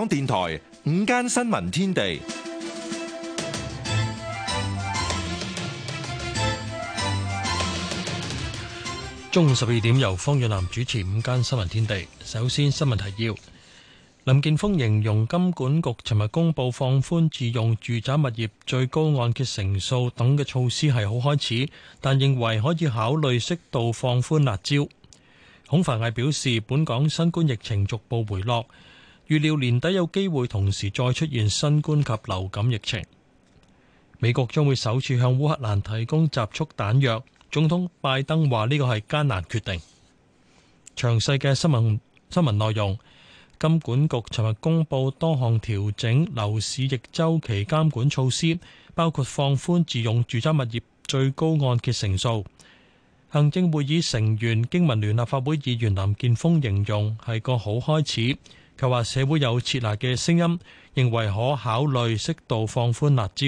港電台午間新聞天地，中午十二點，由方遠南主持午間新聞天地。首先新聞提要：林建峰形容金管局尋日公布放寬自用住宅物業最高按揭成數等嘅措施係好開始，但認為可以考慮適度放寬辣招。孔繁毅表示，本港新冠疫情逐步回落。預料年底有機會同時再出現新冠及流感疫情。美國將會首次向烏克蘭提供集束彈藥。總統拜登話呢個係艱難決定。詳細嘅新聞新聞內容，金管局尋日公布多項調整樓市逆周期監管措施，包括放寬自用住宅物業最高按揭成數。行政會議成員經民聯立法會議員林建峰形容係個好開始。佢話社會有撤辣嘅聲音，認為可考慮適度放寬辣招。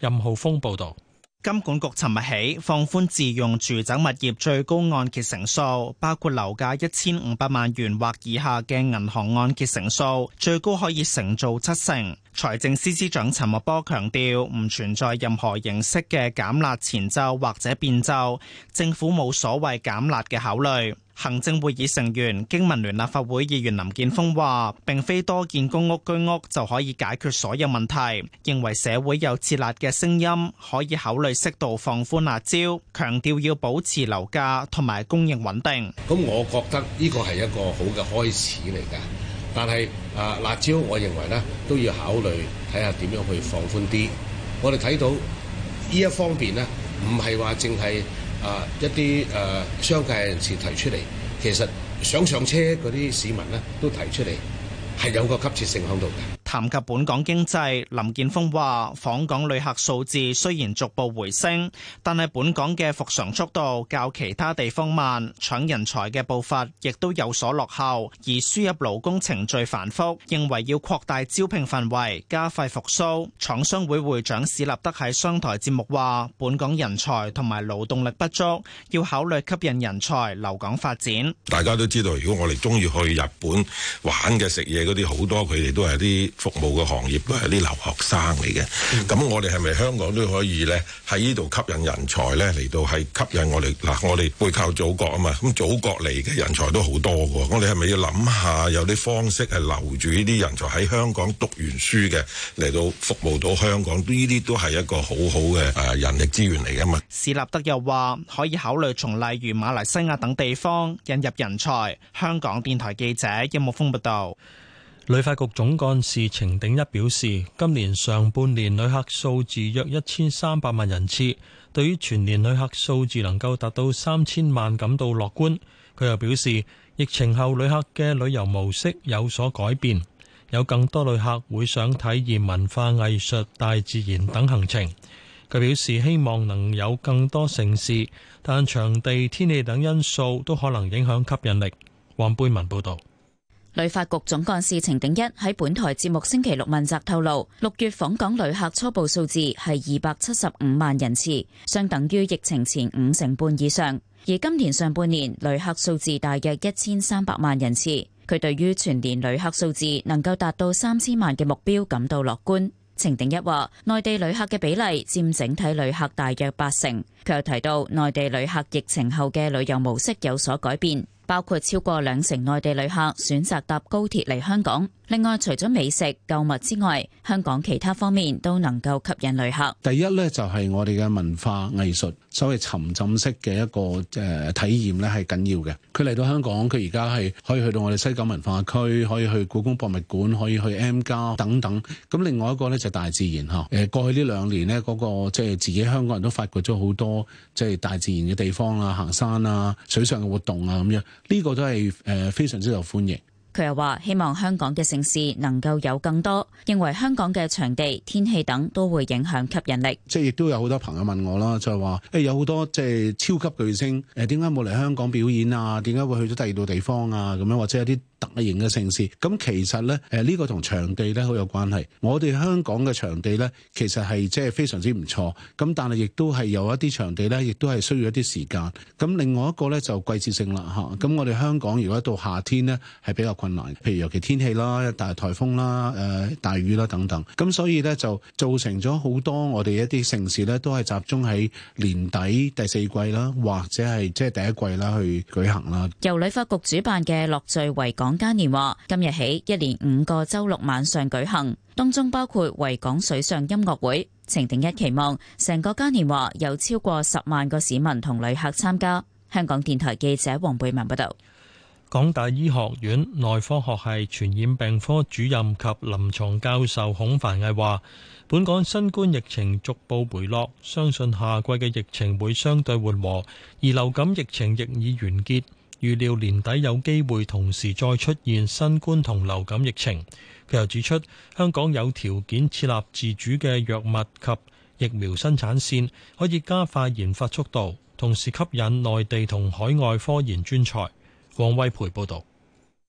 任浩峰報導，金管局尋日起放寬自用住宅物業最高按揭成數，包括樓價一千五百萬元或以下嘅銀行按揭成數，最高可以承做七成。財政司司長陳茂波強調，唔存在任何形式嘅減辣前奏或者變奏，政府冇所謂減辣嘅考慮。行政會議成員、經民聯立法會議員林健鋒話，並非多建公屋居屋，屋就可以解決所有問題，認為社會有撤辣嘅聲音，可以考慮適度放寬辣招，強調要保持樓價同埋供應穩定。咁我覺得呢個係一個好嘅開始嚟噶。但係啊，辣招，我認為咧都要考慮睇下點樣去放寬啲。我哋睇到呢一方面咧，唔係話淨係啊一啲誒商界人士提出嚟，其實想上車嗰啲市民咧都提出嚟，係有個急切性喺度嘅。談及本港經濟，林健鋒話：訪港旅客數字雖然逐步回升，但係本港嘅復常速度較其他地方慢，搶人才嘅步伐亦都有所落後，而輸入勞工程序繁複。認為要擴大招聘範圍，加快復甦。廠商會會長史立德喺商台節目話：本港人才同埋勞動力不足，要考慮吸引人才留港發展。大家都知道，如果我哋鍾意去日本玩嘅食嘢。嗰啲好多佢哋都係啲服務嘅行業，都係啲留學生嚟嘅。咁我哋係咪香港都可以咧喺呢度吸引人才咧嚟到係吸引我哋嗱，啊，我哋背靠祖國啊嘛，咁祖國嚟嘅人才都好多嘅。我哋係咪要諗下有啲方式係留住呢啲人才喺香港讀完書嘅嚟到服務到香港？呢啲都係一個好好嘅誒人力資源嚟啊嘛。史立德又話可以考慮從例如馬來西亞等地方引入人才。香港電台記者任木峯報道。旅發局總幹事程鼎一表示，今年上半年旅客數字約一千三百萬人次，對於全年旅客數字能夠達到三千萬感到樂觀。佢又表示，疫情後旅客嘅旅遊模式有所改變，有更多旅客會想體驗文化藝術、大自然等行程。佢表示，希望能有更多城市，但場地、天氣等因素都可能影響吸引力。黃貝文報導。旅發局總幹事程鼎一喺本台節目星期六問責透露，六月訪港旅客初步數字係二百七十五萬人次，相等於疫情前五成半以上。而今年上半年旅客數字大約一千三百萬人次，佢對於全年旅客數字能夠達到三千萬嘅目標感到樂觀。程鼎一話，內地旅客嘅比例占整體旅客大約八成。佢又提到，內地旅客疫情後嘅旅遊模式有所改變。包括超過兩成內地旅客選擇搭高鐵嚟香港。另外，除咗美食、購物之外，香港其他方面都能夠吸引旅客。第一咧，就係、是、我哋嘅文化藝術，所謂沉浸式嘅一個誒體驗咧，係緊要嘅。佢嚟到香港，佢而家係可以去到我哋西九文化區，可以去故宮博物館，可以去 M+ 等等。咁另外一個咧就係大自然吓。誒過去呢兩年呢，嗰、那個即係、就是、自己香港人都發掘咗好多即係、就是、大自然嘅地方啦，行山啊、水上嘅活動啊咁樣，呢、這個都係誒、呃、非常之受歡迎。佢又話：希望香港嘅城市能夠有更多，認為香港嘅場地、天氣等都會影響吸引力。即係亦都有好多朋友問我啦，就係話：誒有好多即係超級巨星，誒點解冇嚟香港表演啊？點解會去咗第二度地方啊？咁樣或者有啲，大型嘅城市，咁其實咧，誒呢個同場地咧好有關係。我哋香港嘅場地咧，其實係即係非常之唔錯，咁但係亦都係有一啲場地咧，亦都係需要一啲時間，咁另外一個咧就季節性啦，吓，咁我哋香港如果到夏天咧，係比較困難，譬如尤其天氣啦、大台風啦、誒大雨啦等等。咁所以咧就造成咗好多我哋一啲城市咧都係集中喺年底第四季啦，或者係即係第一季啦去舉行啦。由旅發局主辦嘅樂聚維港港嘉年華今日起一連五個周六晚上舉行，當中包括維港水上音樂會。程定一期望成個嘉年華有超過十萬個市民同旅客參加。香港電台記者黃貝文報道。港大醫學院內科學系傳染病科主任及臨牀教授孔繁毅話，本港新冠疫情逐步回落，相信夏季嘅疫情會相對緩和，而流感疫情亦已完結。預料年底有機會同時再出現新冠同流感疫情。佢又指出，香港有條件設立自主嘅藥物及疫苗生產線，可以加快研發速度，同時吸引內地同海外科研專才。王威培報道。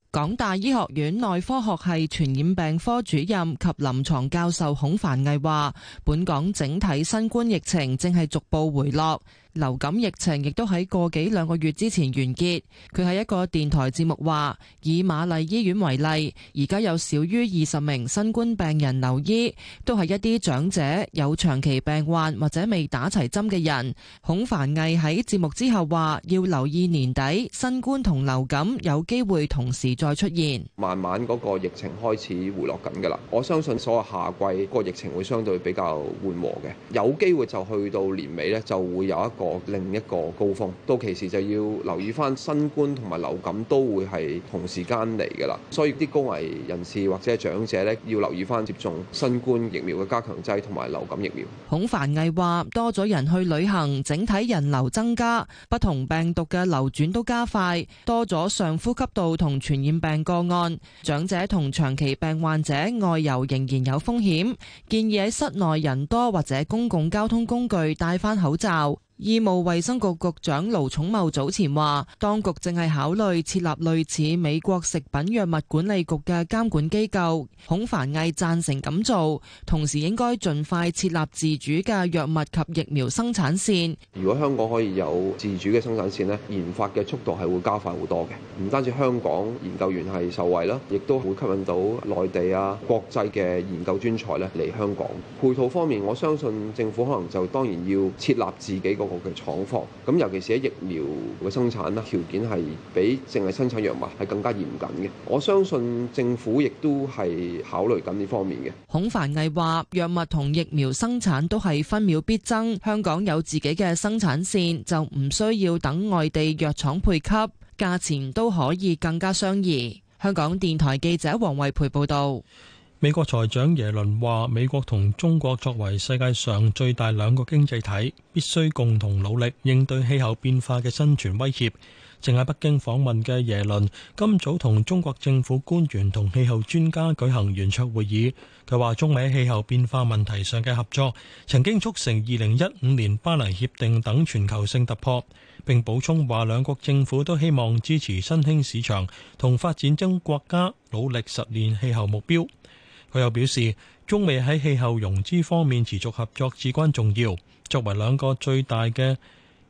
港大醫學院內科學系傳染病科主任及臨牀教授孔凡毅話，本港整體新冠疫情正係逐步回落。流感疫情亦都喺過幾兩個月之前完結。佢喺一個電台節目話，以瑪麗醫院為例，而家有少於二十名新冠病人留醫，都係一啲長者、有長期病患或者未打齊針嘅人。孔繁毅喺節目之後話，要留意年底新冠同流感有機會同時再出現。慢慢嗰個疫情開始回落緊噶啦，我相信所謂夏季個疫情會相對比較緩和嘅，有機會就去到年尾咧就會有一個。另一個高峰到其時就要留意翻，新冠同埋流感都會係同時間嚟噶啦。所以啲高危人士或者係長者咧，要留意翻接種新冠疫苗嘅加強劑同埋流感疫苗。孔凡毅話：多咗人去旅行，整體人流增加，不同病毒嘅流轉都加快，多咗上呼吸道同傳染病個案。長者同長期病患者外遊仍然有風險，建議喺室內人多或者公共交通工具戴翻口罩。醫務衛生局局長盧寵茂早前話，當局正係考慮設立類似美國食品藥物管理局嘅監管機構。孔凡毅贊成咁做，同時應該盡快設立自主嘅藥物及疫苗生產線。如果香港可以有自主嘅生產線呢，研發嘅速度係會加快好多嘅。唔單止香港研究員係受惠啦，亦都會吸引到內地啊、國際嘅研究專才咧嚟香港。配套方面，我相信政府可能就當然要設立自己個。好嘅廠房咁，尤其是疫苗嘅生產啦，條件係比淨係生產藥物係更加嚴謹嘅。我相信政府亦都係考慮緊呢方面嘅。孔繁毅話，藥物同疫苗生產都係分秒必爭，香港有自己嘅生產線，就唔需要等外地藥廠配給，價錢都可以更加相宜。香港電台記者黃惠培報道。美國財長耶倫話，美國同中國作為世界上最大兩個經濟體，必須共同努力應對氣候變化嘅生存威脅。正喺北京訪問嘅耶倫今早同中國政府官員同氣候專家舉行圓桌會議。佢話中美氣候變化問題上嘅合作，曾經促成二零一五年巴黎協定等全球性突破，並補充話兩國政府都希望支持新興市場同發展中國家努力實現氣候目標。佢又表示，中美喺氣候融資方面持續合作至關重要。作為兩個最大嘅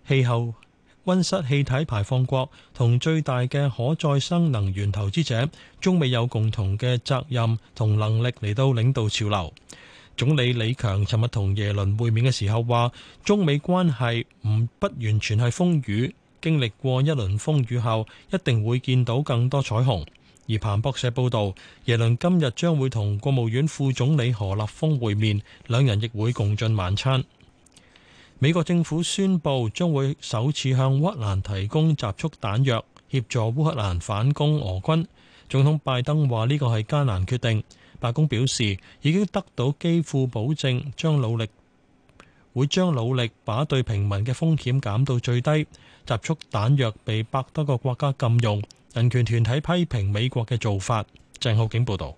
氣候温室氣體排放國，同最大嘅可再生能源投資者，中美有共同嘅責任同能力嚟到領導潮流。總理李強尋日同耶倫會面嘅時候話，中美關係唔不完全係風雨，經歷過一輪風雨後，一定會見到更多彩虹。而彭博社報導，耶倫今日將會同國務院副總理何立峰會面，兩人亦會共進晚餐。美國政府宣布將會首次向烏克蘭提供集束彈藥，協助烏克蘭反攻俄軍。總統拜登話呢個係艱難決定。白宮表示已經得到基輔保證，將努力會將努力把對平民嘅風險減到最低。集束彈藥被百多個國家禁用。人權團體批評美國嘅做法。鄭浩景報道，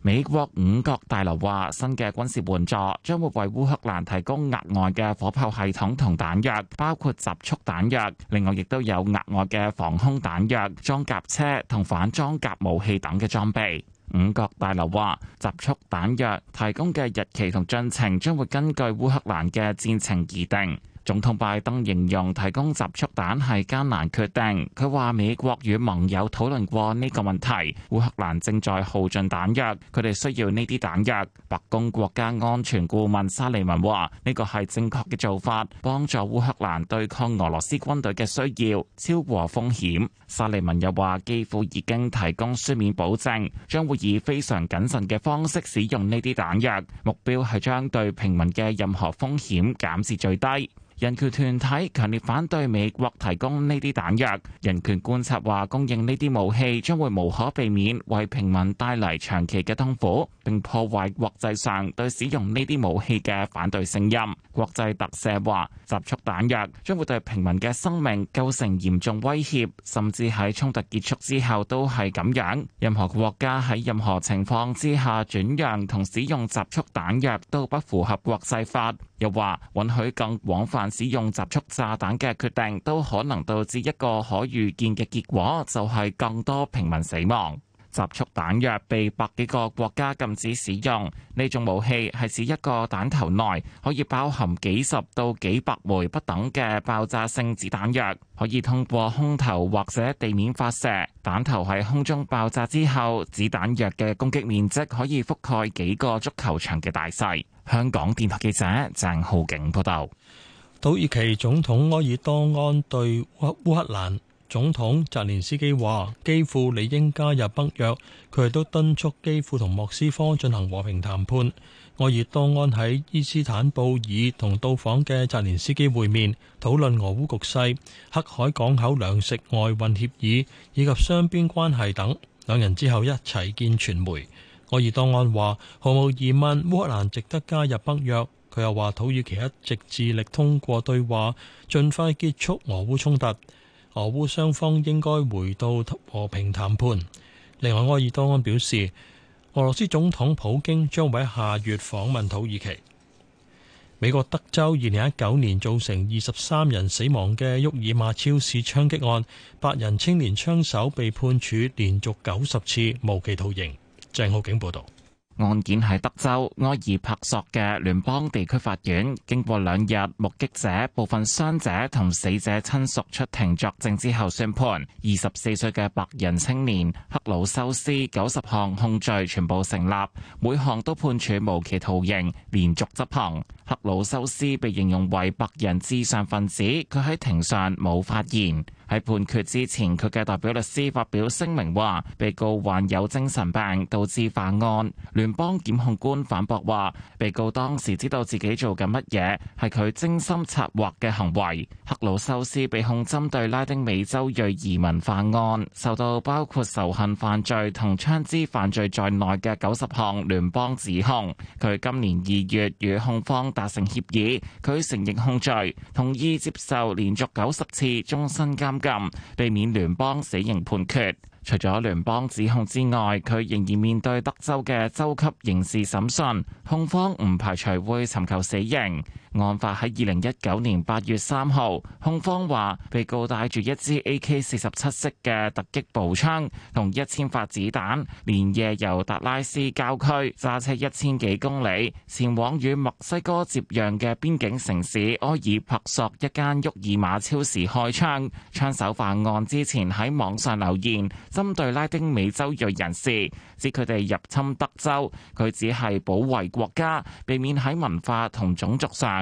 美國五角大樓話，新嘅軍事援助將會為烏克蘭提供額外嘅火炮系統同彈藥，包括集束彈藥，另外亦都有額外嘅防空彈藥、裝甲車同反裝甲武器等嘅裝備。五角大樓話，集束彈藥提供嘅日期同進程將會根據烏克蘭嘅戰情而定。總統拜登形容提供集束彈係艱難決定。佢話美國與盟友討論過呢個問題，烏克蘭正在耗盡彈藥，佢哋需要呢啲彈藥。白宮國家安全顧問沙利文話：呢個係正確嘅做法，幫助烏克蘭對抗俄羅斯軍隊嘅需要，超過風險。沙利文又話：幾乎已經提供書面保證，將會以非常謹慎嘅方式使用呢啲彈藥，目標係將對平民嘅任何風險減至最低。人權團體強烈反對美國提供呢啲彈藥。人權觀察話，供應呢啲武器將會無可避免為平民帶嚟長期嘅痛苦。並破壞國際上對使用呢啲武器嘅反對聲音。國際特赦話，集束彈藥將會對平民嘅生命構成嚴重威脅，甚至喺衝突結束之後都係咁樣。任何國家喺任何情況之下轉讓同使用集束彈藥都不符合國際法。又話，允許更廣泛使用集束炸彈嘅決定，都可能導致一個可預見嘅結果，就係更多平民死亡。集束彈藥被百幾個國家禁止使用。呢種武器係指一個彈頭內可以包含幾十到幾百枚不等嘅爆炸性子彈藥，可以通過空投或者地面發射。彈頭喺空中爆炸之後，子彈藥嘅攻擊面積可以覆蓋幾個足球場嘅大細。香港電台記者鄭浩景報道。土耳其總統埃爾多安對烏克蘭。總統澤連斯基話：基輔理應加入北約。佢亦都敦促基輔同莫斯科進行和平談判。愛爾多安喺伊斯坦布爾同到訪嘅澤連斯基會面，討論俄烏局勢、黑海港口糧食外運協議以及雙邊關係等。兩人之後一齊見傳媒。愛爾多安話：毫無疑問，烏克蘭值得加入北約。佢又話：土耳其一直致力通過對話，盡快結束俄烏衝突。俄烏雙方應該回到和平談判。另外，埃爾多安表示，俄羅斯總統普京將會喺下月訪問土耳其。美國德州二零一九年造成二十三人死亡嘅沃爾瑪超市槍擊案，白人青年槍手被判處連續九十次無期徒刑。鄭浩景報道。案件喺德州埃爾帕索嘅聯邦地區法院，經過兩日目擊者、部分傷者同死者親屬出庭作證之後宣判，二十四歲嘅白人青年克魯修斯九十項控罪全部成立，每項都判處無期徒刑，連續執行。克魯修斯被形容為白人至上分子，佢喺庭上冇發言。喺判決之前，佢嘅代表律師發表聲明話：被告患有精神病導致犯案。聯邦檢控官反駁話：被告當時知道自己做緊乜嘢，係佢精心策劃嘅行為。克魯修斯被控針對拉丁美洲裔移民犯案，受到包括仇恨犯罪同槍支犯罪在內嘅九十項聯邦指控。佢今年二月與控方達成協議，佢承認控罪，同意接受連續九十次終身監。避免聯邦死刑判決。除咗聯邦指控之外，佢仍然面對德州嘅州級刑事審訊。控方唔排除會尋求死刑。案發喺二零一九年八月三號，控方話被告帶住一支 AK 四十七式嘅突擊步槍同一千發子彈，連夜由達拉斯郊區揸車一千幾公里，前往與墨西哥接壤嘅邊境城市埃爾帕索一間沃爾瑪超市開槍。槍手犯案之前喺網上留言，針對拉丁美洲裔人士，指佢哋入侵德州，佢只係保衞國家，避免喺文化同種族上。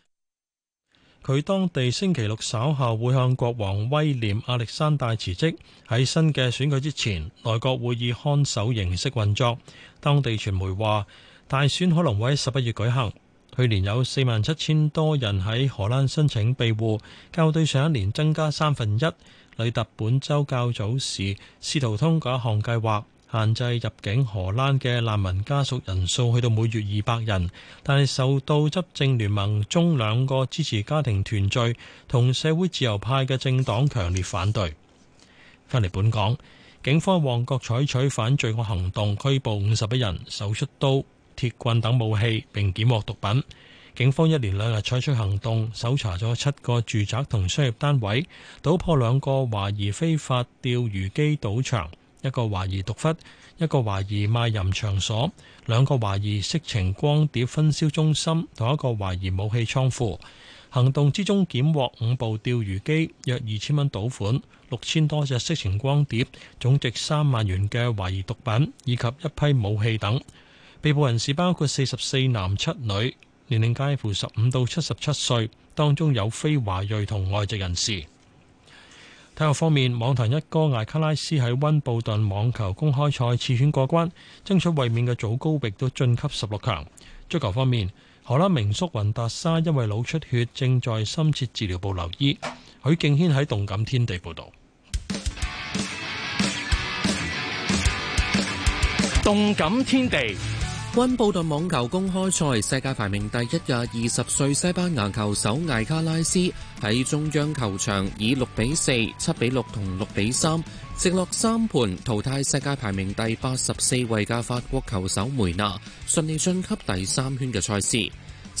佢當地星期六稍後會向國王威廉亞歷山大辭職，喺新嘅選舉之前，內閣會以看守形式運作。當地傳媒話，大選可能會喺十一月舉行。去年有四萬七千多人喺荷蘭申請庇護，較對上一年增加三分一。里特本週較早時試圖通過一項計劃，限制入境荷蘭嘅難民家屬人數去到每月二百人，但係受到執政聯盟中兩個支持家庭團聚同社會自由派嘅政黨強烈反對。翻嚟本港，警方旺角採取反罪惡行動，拘捕五十一人，搜出刀、鐵棍等武器，並檢獲毒品。警方一連兩日採取行動，搜查咗七個住宅同商業單位，搗破兩個懷疑非法釣魚機賭場。一個懷疑毒窟，一個懷疑賣淫場所，兩個懷疑色情光碟分銷中心，同一個懷疑武器倉庫。行動之中檢獲五部釣魚機、約二千蚊賭款、六千多隻色情光碟、總值三萬元嘅懷疑毒品以及一批武器等。被捕人士包括四十四男七女，年齡介乎十五到七十七歲，當中有非華裔同外籍人士。體育方面，網壇一哥艾卡拉斯喺温布頓網球公開賽次圈過關，爭取衛冕嘅祖高域都晉級十六強。足球方面，荷蘭名宿雲達沙因為腦出血正在深切治療部留醫。許敬軒喺動感天地報道。動感天地。報溫布頓網球公開賽，世界排名第一嘅二十歲西班牙球手艾卡拉斯喺中央球場以六比四、七比六同六比三，直落三盤淘汰世界排名第八十四位嘅法國球手梅娜，順利晉級第三圈嘅賽事。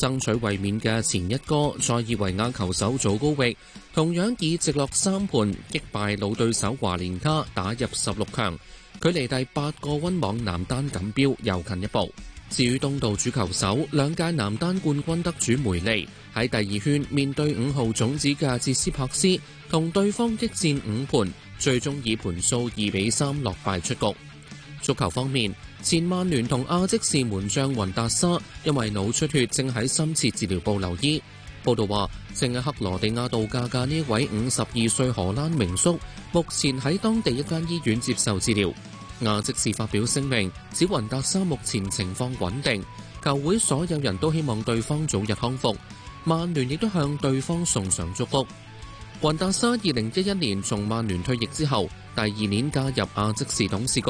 爭取衛冕嘅前一哥塞爾維亞球手祖高域，同樣以直落三盤擊敗老對手華連卡，打入十六強，距離第八個溫網男單錦標又近一步。至於東道主球手、兩屆男單冠軍得主梅利，喺第二圈面對五號種子嘅捷斯帕斯，同對方激戰五盤，最終以盤數二比三落敗出局。足球方面，前曼聯同亞積士門將雲達沙因為腦出血正喺深切治療部留醫。報道話，正喺克羅地亞度假嘅呢位五十二歲荷蘭名宿，目前喺當地一間醫院接受治療。亞積士發表聲明，指雲達沙目前情況穩定，球會所有人都希望對方早日康復。曼聯亦都向對方送上祝福。雲達沙二零一一年從曼聯退役之後，第二年加入亞積士董事局。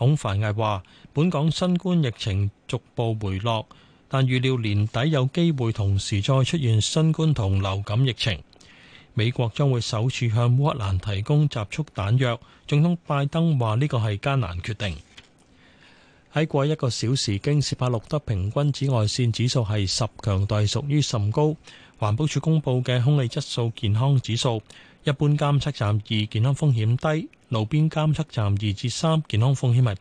孔繁毅話：本港新冠疫情逐步回落，但預料年底有機會同時再出現新冠同流感疫情。美國將會首次向烏克蘭提供集束彈藥。總統拜登話：呢個係艱難決定。喺過去一個小時，京士柏錄得平均紫外線指數係十，強度屬於甚高。環保署公佈嘅空氣質素健康指數，一般監測站二，健康風險低。路邊監測站二至三，健康風險係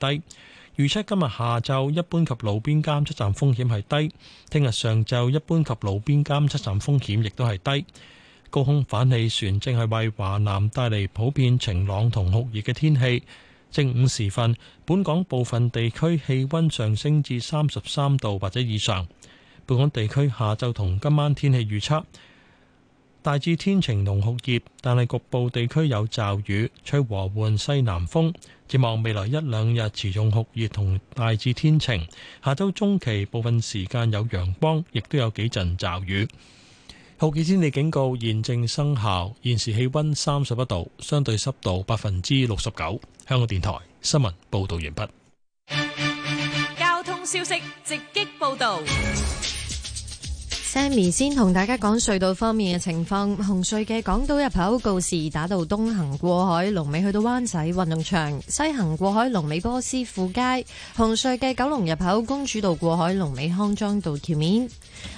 低，預測今日下晝一般及路邊監測站風險係低，聽日上晝一般及路邊監測站風險亦都係低。高空反氣旋正係為華南帶嚟普遍晴朗同酷熱嘅天氣，正午時分，本港部分地區氣溫上升至三十三度或者以上。本港地區下晝同今晚天氣預測。大致天晴同酷熱，但係局部地區有驟雨，吹和緩西南風。展望未來一兩日持續酷熱同大致天晴，下周中期部分時間有陽光，亦都有幾陣驟雨。酷熱天氣警告現正生效，現時氣溫三十一度，相對濕度百分之六十九。香港電台新聞報道完畢。交通消息直擊報道。Sammy 先同大家講隧道方面嘅情況，紅隧嘅港島入口告士打道東行過海，龍尾去到灣仔運動場；西行過海，龍尾波斯富街。紅隧嘅九龍入口公主道過海，龍尾康莊道橋面。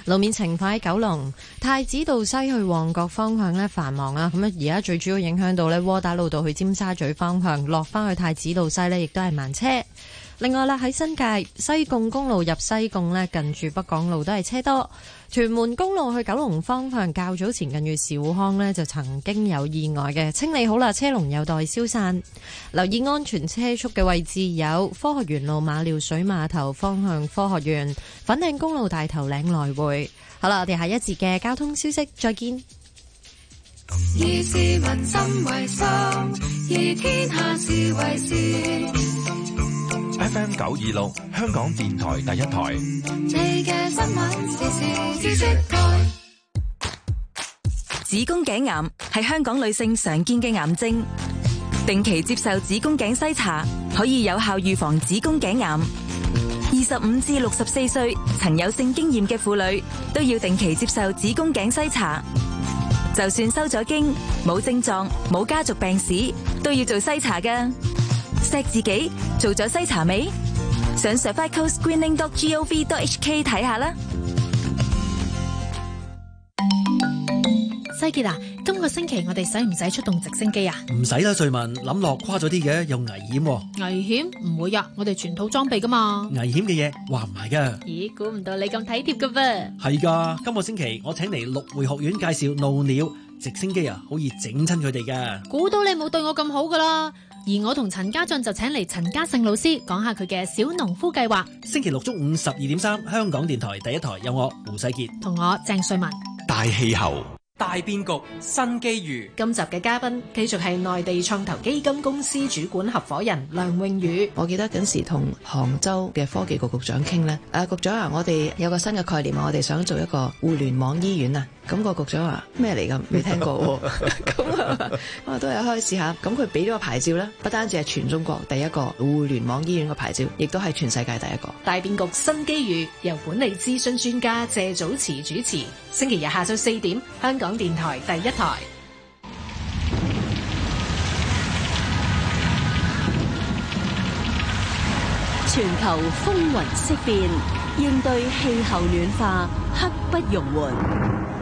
路面情況，喺九龍太子道西去旺角方向咧繁忙啊，咁啊而家最主要影響到呢窩打老道去尖沙咀方向落返去太子道西呢亦都係慢車。另外啦，喺新界西貢公路入西貢呢，近住北港路都係車多。屯門公路去九龍方向較早前近住兆康呢，就曾經有意外嘅清理好啦，車龍有待消散。留意安全車速嘅位置有科學園路馬料水碼頭方向科學園、粉嶺公路大頭嶺來回。好啦，我哋下一節嘅交通消息再見。FM 九二六，香港電台第一台。子宮頸癌係香港女性常見嘅癌症，定期接受子宮頸篩查可以有效預防子宮頸癌。二十五至六十四歲曾有性經驗嘅婦女都要定期接受子宮頸篩查，就算收咗經、冇症狀、冇家族病史，都要做篩查噶。錫自己做咗篩查未？上 cervicalscreening.gov.hk 睇下啦。西杰，啊，今個星期我哋使唔使出動直升機啊？唔使啦，瑞文諗落誇咗啲嘅，又危險、啊。危險？唔會啊，我哋全套裝備噶、啊、嘛。危險嘅嘢，話唔埋噶。咦，估唔到你咁體貼噶噃。係噶，今個星期我請嚟六會學院介紹怒鳥直升機啊，好易整親佢哋噶。估到你冇對我咁好噶啦。而我同陳家俊就請嚟陳家勝老師講下佢嘅小農夫計劃。星期六中午十二點三，香港電台第一台有我胡世杰，同我鄭瑞文。大氣候、大變局、新機遇。今集嘅嘉賓繼續係內地創投基金公司主管合伙人梁穎宇。我記得嗰時同杭州嘅科技局局長傾呢。誒，局長啊，我哋有個新嘅概念，我哋想做一個互聯網醫院啊。咁個局長 話，咩嚟噶？未聽過喎。咁啊，都係開始下。咁佢俾咗個牌照咧，不單止係全中國第一個互聯網醫院嘅牌照，亦都係全世界第一個。大變局、新機遇。由管理諮詢專家謝祖慈主持，星期日下晝四點，香港電台第一台。全球風雲色變，應對氣候暖化刻不容緩。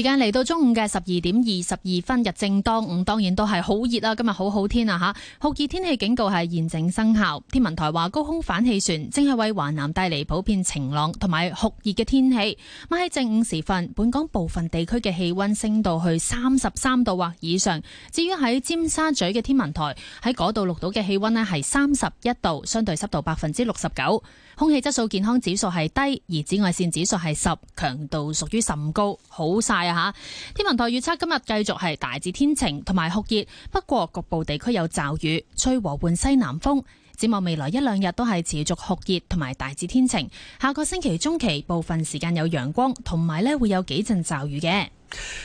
時間嚟到中午嘅十二點二十二分，日正當午，嗯，當然都係好熱啦。今日好好天啊，吓酷熱天氣警告係現正生效。天文台話高空反氣旋正係為華南帶嚟普遍晴朗同埋酷熱嘅天氣。咁喺正午時分，本港部分地區嘅氣溫升到去三十三度或以上。至於喺尖沙咀嘅天文台喺嗰度錄到嘅氣溫呢係三十一度，相對濕度百分之六十九，空氣質素健康指數係低，而紫外線指數係十，強度屬於甚高，好晒，啊。吓，天文台預測今日繼續係大致天晴同埋酷熱，不過局部地區有驟雨，吹和緩西南風。展望未來一兩日都係持續酷熱同埋大致天晴，下個星期中期部分時間有陽光，同埋咧會有幾陣驟雨嘅。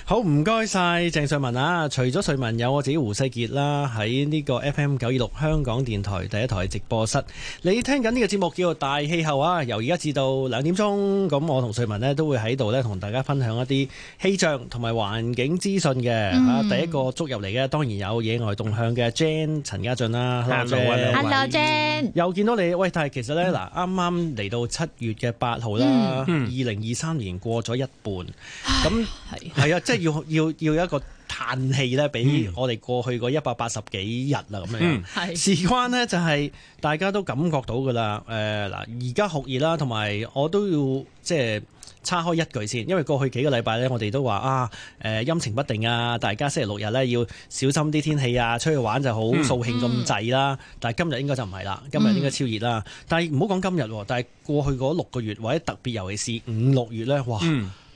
好，唔該晒鄭瑞文啊！除咗瑞文，有我自己胡世傑啦，喺呢個 FM 九二六香港電台第一台直播室。你聽緊呢個節目叫做《大氣候》啊，由而家至到兩點鐘，咁我同瑞文呢都會喺度呢同大家分享一啲氣象同埋環境資訊嘅。啊，嗯、第一個捉入嚟嘅，當然有野外動向嘅、嗯、Jane 陳家俊啦。Hello Hello Jane，又見到你。喂，但係其實呢，嗱、嗯，啱啱嚟到七月嘅八號啦，二零二三年過咗一半，咁係啊， 即係要要要一個嘆氣咧，俾我哋過去個一百八十幾日啊咁樣。嗯，係事關咧就係大家都感覺到㗎啦。誒、呃、嗱，而家酷熱啦，同埋我都要即係岔開一句先，因為過去幾個禮拜呢，我哋都話啊誒陰晴不定啊，大家星期六日呢，要小心啲天氣啊，出去玩就好掃興咁滯啦。但係今日應該就唔係啦，今日應該超熱啦、嗯。但係唔好講今日，但係過去嗰六個月或者特別，尤其是五六月呢，哇，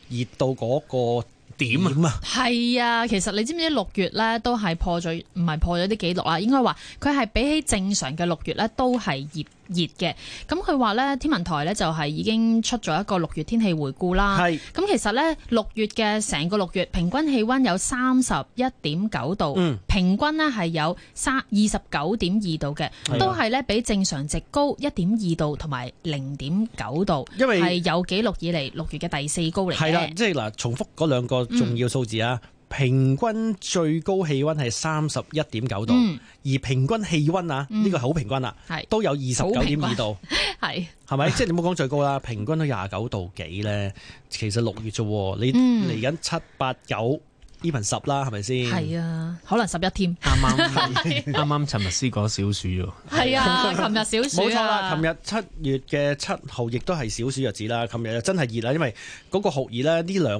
熱到嗰、嗰個～.點啊點啊係啊，其實你知唔知六月咧都係破咗，唔係破咗啲記錄啊？應該話佢係比起正常嘅六月咧都係熱。熱嘅，咁佢話咧，天文台咧就係已經出咗一個六月天氣回顧啦。係是，咁其實咧，六月嘅成個六月平均氣温有三十一點九度，嗯、平均咧係有三二十九點二度嘅，的都係咧比正常值高一點二度同埋零點九度，係為有記錄以嚟六月嘅第四高嚟嘅。係啦，即係嗱，重複嗰兩個重要數字啊！嗯平均最高氣温係三十一點九度，嗯、而平均氣温啊，呢、嗯、個好平均啦，是都有二十九點二度，係係咪？吧 即係你唔好講最高啦，平均都廿九度幾咧。其實六月啫，你嚟緊七八九 even 十啦，係咪先？係啊，可能十一添，啱啱啱啱，尋日先講小暑喎。係 啊，尋日小暑冇錯啦。尋日七月嘅七號亦都係小暑日子啦。尋日真係熱啦，因為嗰個酷熱咧，呢兩。